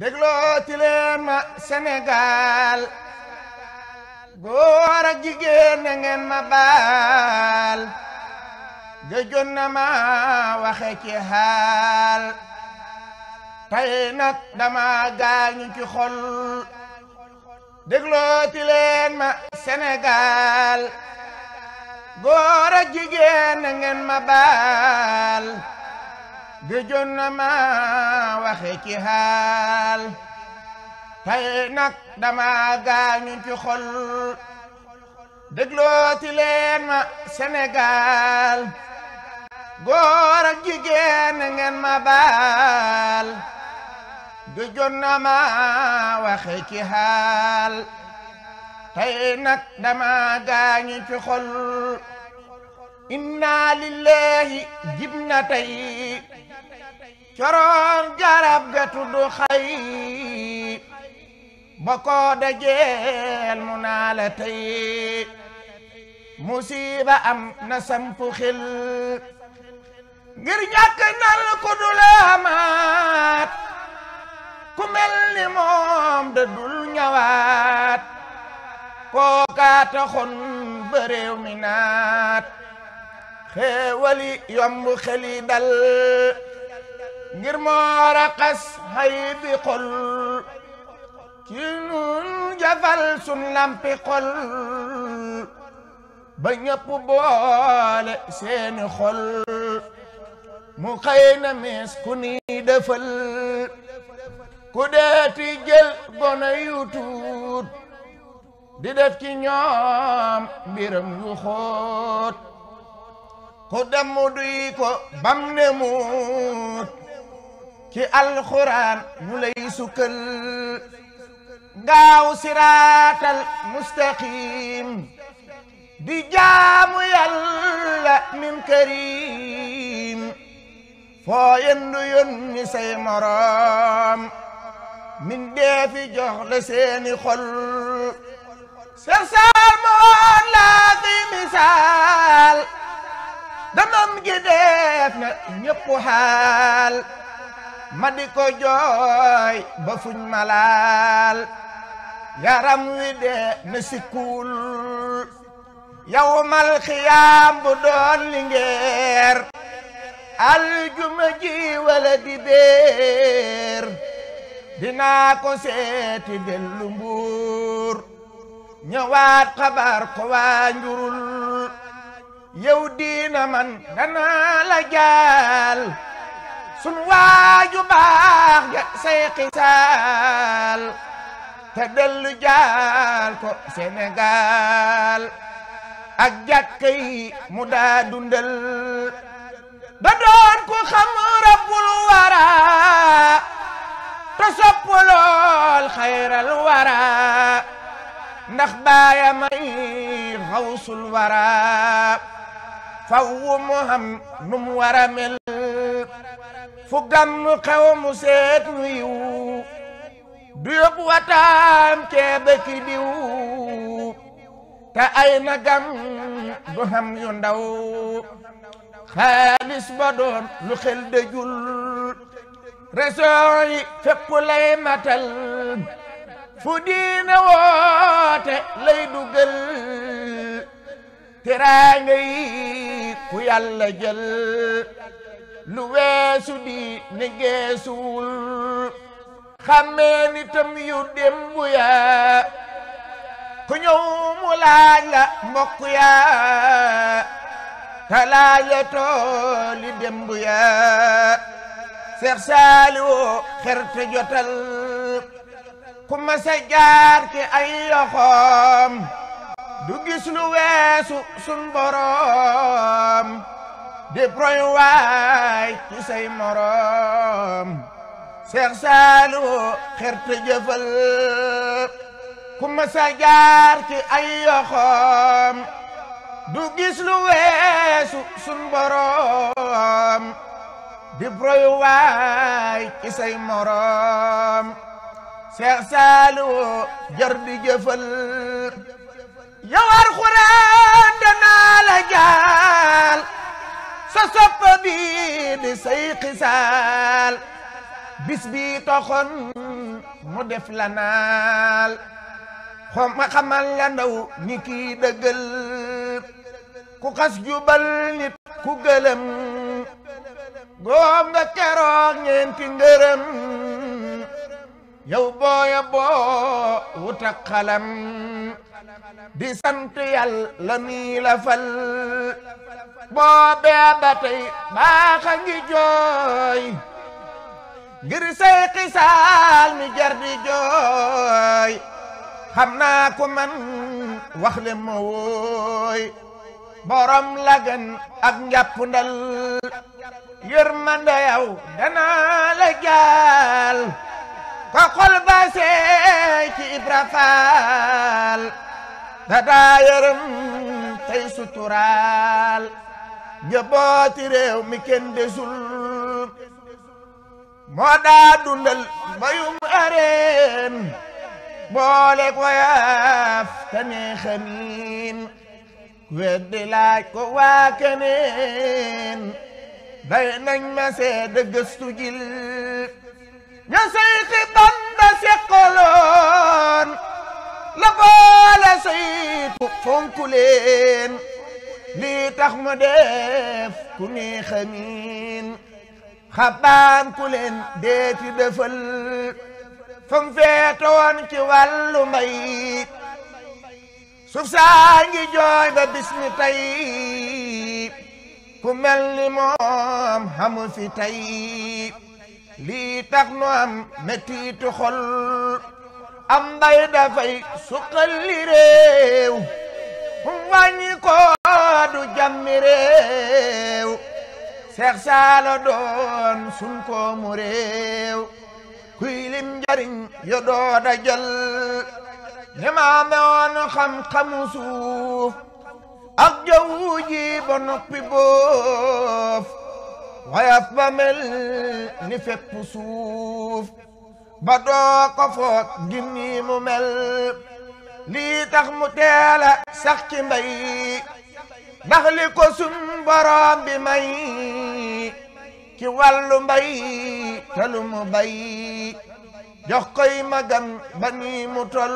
dégloo leen ma Sénégal góor ak jigéen ngeen ma baal gëjoon na ma waxe ci xaal tey nag dama gaañu ci xol déglooti leen ma Sénégal góor ak jigéen ngeen ma baal gëjoon na ma waxe ci xaal tey nag dama gaañu ci leen ma Sénégal góor ak jigéen ngeen ma baal gëjoon na ma waxe ci xaal tey nag dama gaañu inna lillahi jibna tay garab ga tudd xay bokoo dajeel mu naa la am na sampu ngir ñàkk ku du laamaat ku mel ni moom da dul ñawaat kookaata xon mi naat xéewali yomb xeli dal ngir moo raxas xay bi xol ci nun jafal sun lampi xol ba ñëpp boole seeni xol mu xëy na mees ku nii defal ku deeti jël gone yu di def ci ñoom mbiram yu ku damm duy ko bam ne muut ci alxuraan ñu lay sukkal gaaw siraatal mustaqim di jaamu yàlla min karim foo yendu yon say moroom min deefi jox seeni xol gi def na ñëpp jooy ba fuñ yaram wi dee na yawmal xiyaam bu doon lingeer aljuma ji wala di beer dinaa ko seeti dellu mbuur ñëwaat xabar ko waa njurul yow diina man dana la jaal sun waaju baax ga say xisaal te dellu jaal ko Sénégal ak jàkka yi mu daa dundal ba doon ku xam rabbul wara te sopp lool xayral wara ndax baaya may xawsul wara faw mu xam nu mu a fu gàmm xew mu seet wiiw du yóbbu wataam ceebe ki diw te gam du xam yu ndaw xaalis ba doon xel dëjul régions yi fépp lay fu diine woote lay dugal teraanga yi ku yàlla jël lu weesu di ne geesuwul xammee nitam yu démb ya ku ñëw mu laaj la mbokk ya te laaj la tooli démb ya Seex Saaliwu jotal ku ma jaar ci ay loxoom du gis lu weesu sun boroom di proy waay ci say moroom seex saalu xerte jëfal ku ma sa jaar ci ay yoxoom du gis weesu sun boroom di proy waay ci say moroom seex saalu jar di jëfal yow alxuraan danaa la jaal sa sopp bi di say xisaal bis bi mu def la naal xom ma xamal la ndaw ñi kii dëggal ku xas jubal nit ku gëlëm góob nga keroog ñeenti ngërëm yow booya boo wutak xalam di sant yàlla mi fal boobee ba tey baax a ngi jooy ngir say xisaal mi jar di jooy xam naa ko man wax le borom la gën ak njàpp ndal yërmande yow danaa la jaal ko xol ba Ibra Faal da daa yaram suturaal njabooti réew mi kenn desul moo daa dundal mbayum areen boole ko yaaf te neexa niin ko waa keneen day nañ ma seede gëstu jil ña say xi ban da seqaloon la boole saytu fonk leen lii tax mu def ku ne xamin xabaan ku leen deeti defal fam feetoon ci wàllu mbay suuf saa ngi jooy ba bis mi ku mel ni moom xamu fi tey lii tax nu am mettiitu xol am bay dafay suqali réew wàññi ko du jàmmi réew Seex Saala doon sun koomu réew lim njariñ yo dooda jël ñi ma amoon xam-xamu suuf ak jawwu ji ba noppi boof wayaf ba mel ni fépp suuf ba doo ko foog ngir nii mu mel lii mu teel sax ci mbay ndax ko sun borom bi may ci wàllu mbay te lu jox koy magam ba nii tol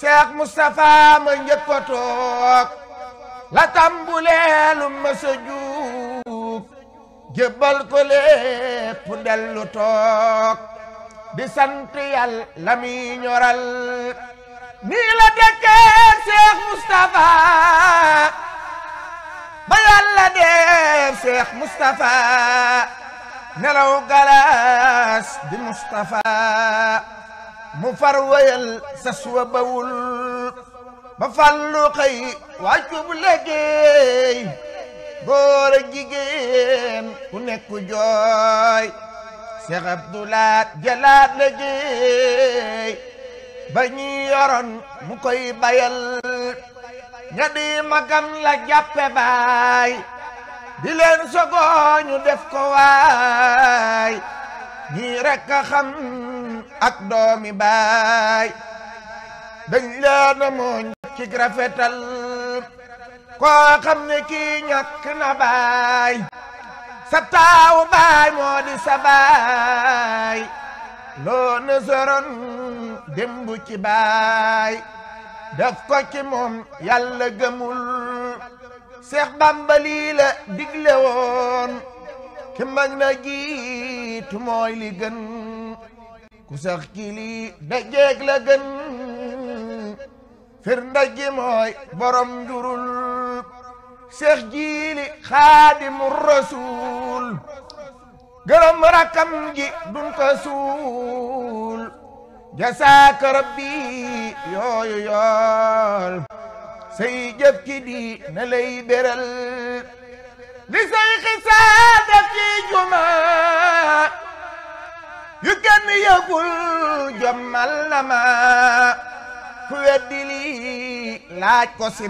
Seex Mustapha ma njëkk toog la tambulee lu mës a juub jébbal ko dellu toog di sant yàlla mi ñoral nii la dëkkee Cheikh Moustapha ba yàlla def Cheikh Moustapha nelaw galas di Moustapha mu far wayal sas wa bawul ba fallu xëy wàccub liggéey góor ak jigéen ku nekk jooy Seex Abdulaat jalaat liggéey ba ñi yoroon mu koy bayal ña di magam la jàppe baay di leen ñu def ko waay ñii rekk xam ak doomi baay dañ leen a mooñ ci rafetal koo xam ne kii ñàkk na baay sa baay moo di sa baay loo nësëroon démb ci baay def ko ci moom yàlla gëmul seex bàmba lii digle woon ki mag na jiitu mooy li gën ku sax ci lii dajeeg la gën firnda ji mooy borom jurul seex jiili xaadimu rasuul gërëm rakam ji dun ko suul jasaaka rabbi yooyu say jëf ki di na lay beral li say xisaada ci juma yu kenn yëgul jommal na ma ku weddi lii laaj ko si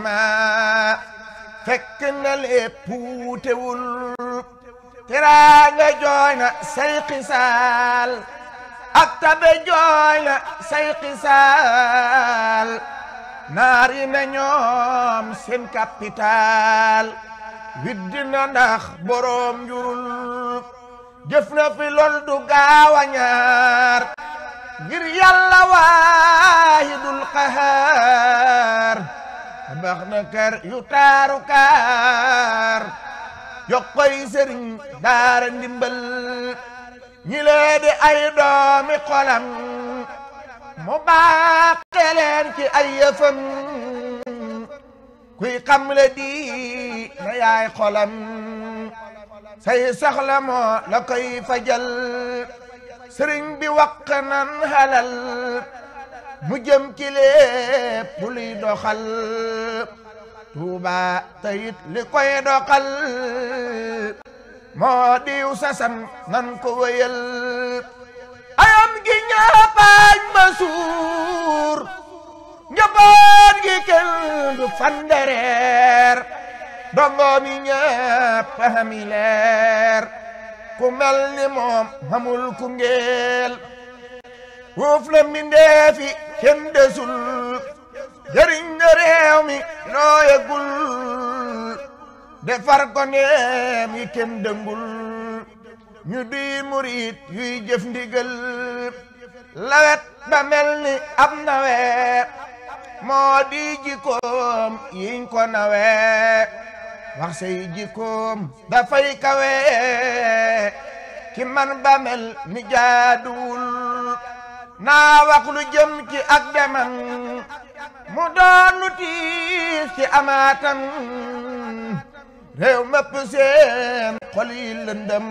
fekk na lépp wuutewul teraanga jooy na say xisaal ak tabe jooy na say xisaal naari na ñoom seen capital widd na boroom jurul jëf fi lool du gaaw a ñaar ngir yàlla waahidul qahaar tabax na kër yu taaru kaar yokkoy sëriñ daara ndimbal ay doomi xolam mu ay yëfam kuy xamle di na yaay say soxla la koy fajal sëriñ bi waq halal mu jëm ci lépp luy doxal Tuuba tayit li koy doxal moo diw sasam nan ko wéyal ayam gi ñaapaañ ma suur njaboot gi kenn du fandereer dongoom yi ñépp xami leer ku mel ni moom xamul ku ngeel wuuf na mbindeefi kenn desul jëriñ na mi loo yëgul defar ko neem yi kenn dëngul ñu duy murit yuy jëf ndigal lawet ba mel ni ab nawet moo di jikkoom yiñ ko nawee wax say jikkoom dafay kawe ki man ba mel ni jaaduwul naa wax lu jëm ci ak demam mu doon lu tiis ci amaatam réew mépp seen xol yi lëndëm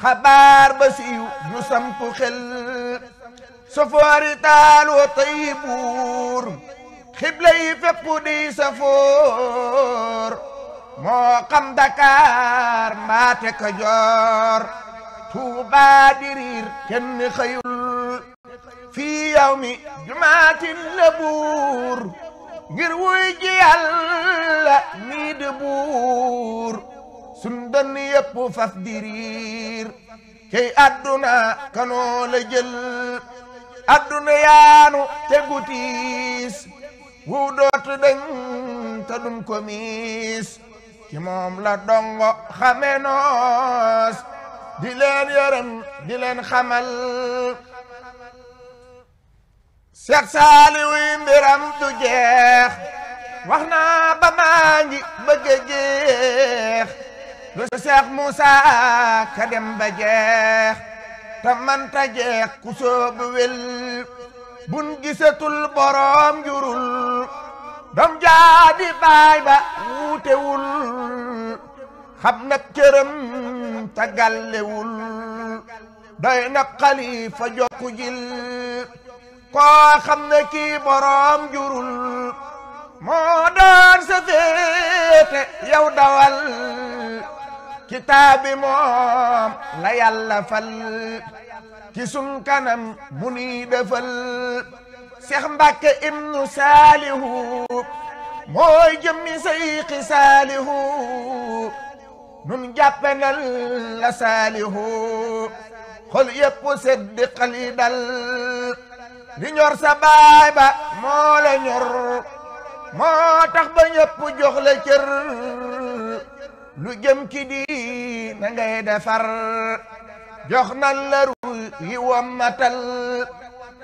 xabaar ba siiw ñu samp xel sofoori taal wa tey buur xibla yi fépp di safoor moo xam Dakar mbaate Kajoor Tuubaa di riir kenn xëyul fii yawmi jumaatin la buur ngir wuy ji yàlla mii di buur sun dënn yëpp faf diriir cey adduna kanoo la jël adduna yaanu tegu tiis wu dootu dañ te duñ ko miis moom la dongo xame noos di leen yërëm di leen xamal seex saaliwi mbiram du jeex wax naa ba maa ngi bëgg lu seex Muusa ka dem jeex te jeex ku soobu wel bun gisatul boroom jurul doom jaadi baay ba wuutewul xam na këram ta gallewul doy na xalifa jokku jil koo xam ne kii boroom jurul moo doon sa féete yow dawal kitaabi moom la yàlla fal ci sun kanam mu nii defal Seex Saalihu mooy jëmmi sayxi Saalihu nun jàppenal la Saalihu xol yépp sedd xali dal li ñor sa ba moo la moo tax ba ñëpp jox la lu jëm ci di na ngay defar jox nan la ru yi wammatal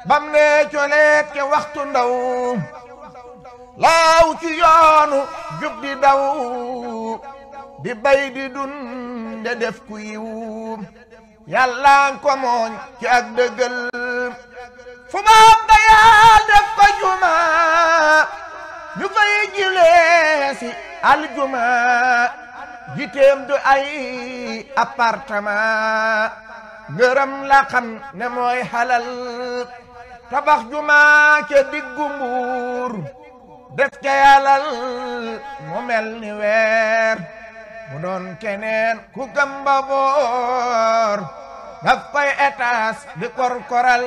bam ne coleet ke waxtu ndaw laaw ci yoonu jub di daw di bay di dun de def ku yiw ko mooñ ci ak dëggal fu ma am dayaal def ko juma ñu fay jilee si aljuma jiteem du ay appartement ngërëm la xam ne mooy halal tabax juma ca diggu mbuur def ca yàllal mu mel ni weer mu doon keneen ku gamba boor daf koy étage di korkoral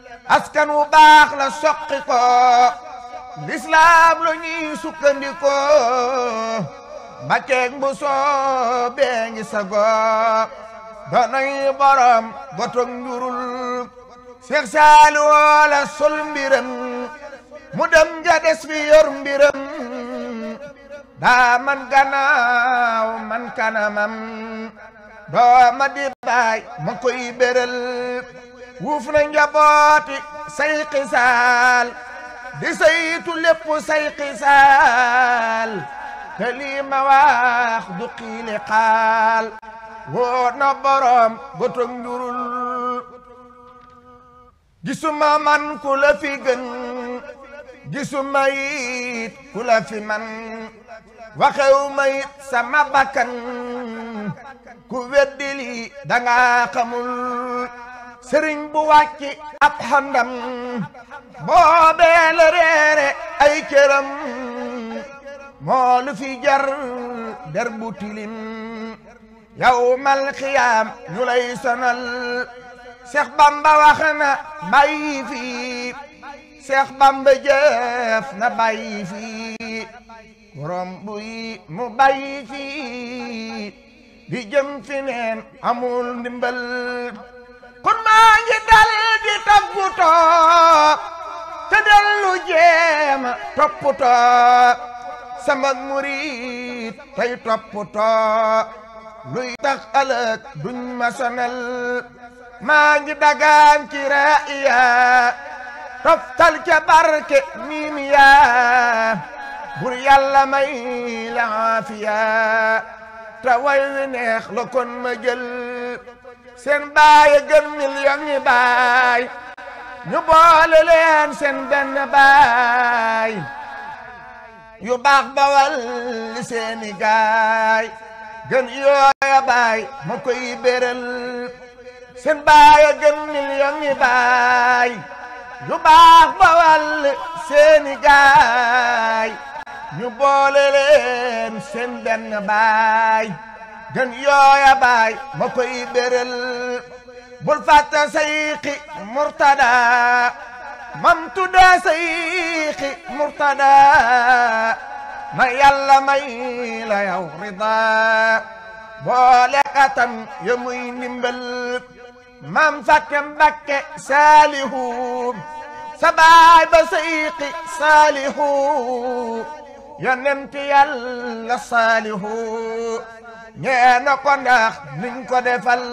askan wu baax la soqi ko lislaam lu ñuy sukkandikoo mbàkkeeg bu soobee ngi sago danay borom gotoog njurul Seex Saaliw sol mbiram mu dem ja des bi yor mbiram daa man ganaaw man kanamam doo ma di ma koy beral wuuf na njabooti say xisaal di saytu lépp say xisaal te lii du xiili xaal wóor na borom bëtëg njurul gisuma man ku la fi gën gisuma yit ku la fi man waxewuma yit sama bakkan ku weddi lii danga xamul sëriñ bu wàcci ab xandam boobee la reere ay cëram moo lu fi jar der bu tilim yawmal xiyaam ñu lay Seex Bamba wax na bàyyi Seex Bamba jëf na bàyyi fii korom buy mu bàyyi fii di jëm fi neen amul ndimbal kon maa ngi dal di taggutoo te dellu jéema topputoo sama murit tey topputoo luy tax ëllëg duñ ma sonal maa ngi dagaan ci raaya toftal ca barke miim yaa bur yàlla may la aafiya te way neex la kon ma seen baay gën million yi baay ñu boole leen seen benn baay yu baax bawal li seeni gaay gën yooya baay ma koy béral seen baay gën million yi baay yu baax bawal seeni gaay ñu boole leen seen benn baay gën yooya baay ma koy béral bul fàtte sayxi murtada mam tudda sayxi murtada na yàlla may la yow rida boole ya muy ndimbal mam fàkke mbakke saalihu sa baay ba sayxi saalihu yonent yàlla saalihu ñee na ko ndax nuñ ko defal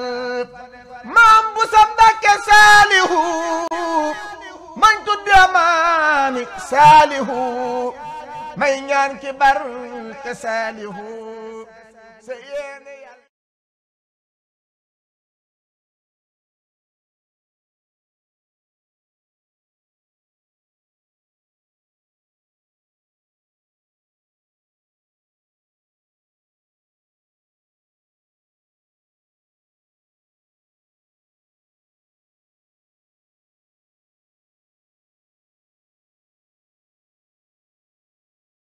maam bu sa Mbàkke saalihu man tudde maami saalihu may ñaan ki barke saalihu